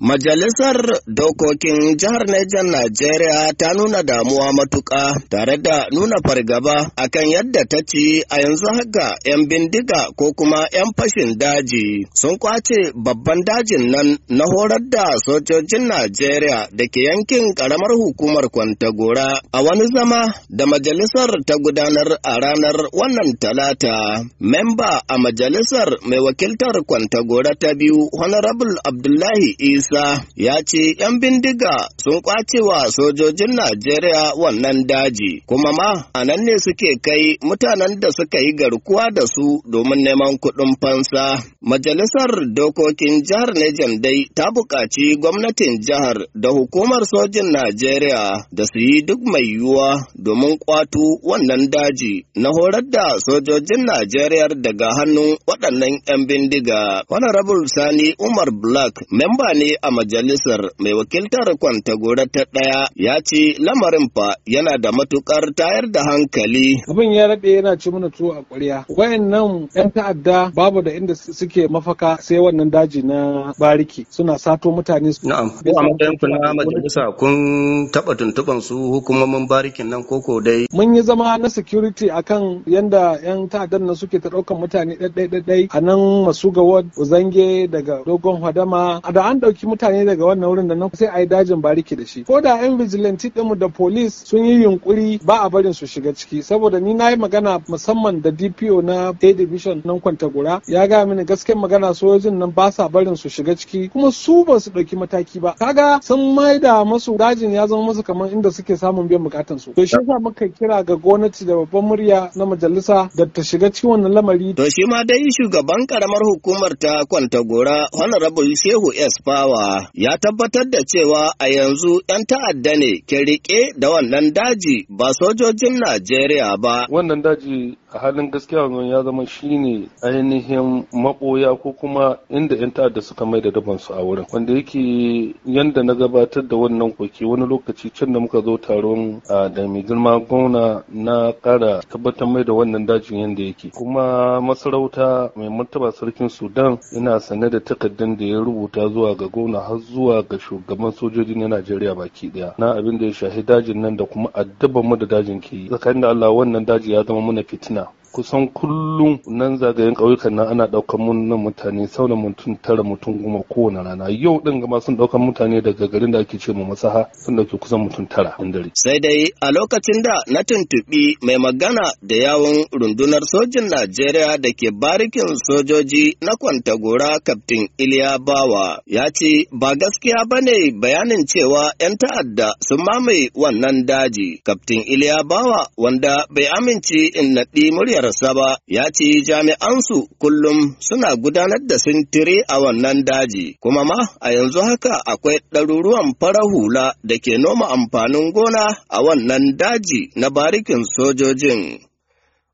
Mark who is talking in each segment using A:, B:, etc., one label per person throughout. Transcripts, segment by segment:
A: Majalisar Dokokin Jihar Nijar Najeriya ta nuna damuwa matuƙa tare da nuna fargaba akan yadda ta ci a yanzu haka 'yan bindiga ko kuma 'yan fashin daji sun kwace babban dajin nan na horar da sojojin Najeriya da ke yankin ƙaramar hukumar Kwantagora a wani zama da majalisar ta gudanar a ranar wannan talata. Memba a majalisar mai wakiltar Kwantagora ta biyu Honorable Abdullahi Isa Musa ya ce ‘yan bindiga sun kwacewa sojojin Najeriya wannan daji, kuma ma a nan ne suke kai mutanen da suka yi garkuwa da su domin neman kuɗin fansa. Majalisar Dokokin Jihar Nejan dai ta buƙaci gwamnatin jihar da hukumar sojin Najeriya da su yi duk mai yiwuwa domin kwatu wannan daji na horar da sojojin Najeriya daga hannun waɗannan ‘yan bindiga. Honorable Sani Umar Black, memba ne a majalisar mai wakiltar kwanta kwantagora ta ɗaya ya ce lamarin fa yana da matukar tayar da hankali. Abin ya rabe yana
B: ci mana tuwo a ƙwarya. Wayannan ƴan ta'adda babu da inda suke mafaka sai wannan daji na bariki suna sato mutane.
A: Na'am. Ko a matsayin ku na majalisa kun taɓa tuntuɓan su hukumomin barikin nan koko dai.
B: Mun yi zama na security akan yanda ƴan ta'addan nan suke ta ɗaukan mutane ɗaiɗaiɗaiɗai a nan masu ga zange daga Dogon Hadama. Da an ɗauki mutane daga wannan wurin da nan sai a yi dajin bariki da shi ko da yan vigilante ɗinmu da police sun yi yunkuri ba a barin su shiga ciki saboda ni na yi magana musamman da dpo na a division nan kwantagura ya ga mini gaskiyar magana sojojin nan ba sa barin su shiga ciki kuma su ba su ɗauki mataki ba kaga sun mai da masu dajin ya zama musu kamar inda suke samun biyan bukatan su to shi yasa muka kira ga gwamnati da babban murya na majalisa da ta shiga cikin wannan lamari to
A: shi ma dai shugaban karamar hukumar ta kwantagora honorable shehu s power ya tabbatar da cewa a yanzu 'yan ta'adda ne ke riƙe da wannan daji ba sojojin Najeriya ba. Wannan daji a halin gaskiya wannan ya zama shine
C: ainihin maboya ko kuma inda 'yan ta'adda suka mai da dabansu a wurin wanda yake yanda na gabatar da wannan koki wani lokaci can da muka zo taron da mai girma gwamna na kara tabbatar mai da wannan dajin yanda yake kuma masarauta mai martaba sarkin sudan yana sane da takardun da ya rubuta zuwa ga gona har zuwa ga shugaban sojoji na najeriya baki daya na abin da ya shahi dajin nan da kuma addaban mu da dajin ke yi tsakanin da allah wannan daji ya zama mana fitina kusan kullum nan zagayen ƙauyukan nan ana ɗaukan mun mutane sau da mutum tara mutum goma kowane rana yau ɗin gama sun ɗaukan mutane daga garin da ake ce ma masaha sun ɗauki kusan mutum tara in dare.
A: sai dai a lokacin da na tuntuɓi mai magana da yawon rundunar sojin najeriya da ke barikin sojoji na kwantagora kaftin iliya bawa ya ce ba gaskiya ba ne bayanin cewa 'yan ta'adda sun mamaye wannan daji kaftin iliya bawa wanda bai amince in naɗi murya lafiyarsa ba, ya ce jami'ansu kullum suna gudanar da sintiri a wannan daji, kuma ma a yanzu haka akwai ɗaruruwan fara hula da ke noma amfanin gona a wannan daji na barikin sojojin.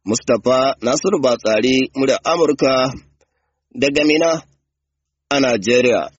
A: Mustapha Nasiru Batsari, murya Amurka, daga Mina a Najeriya.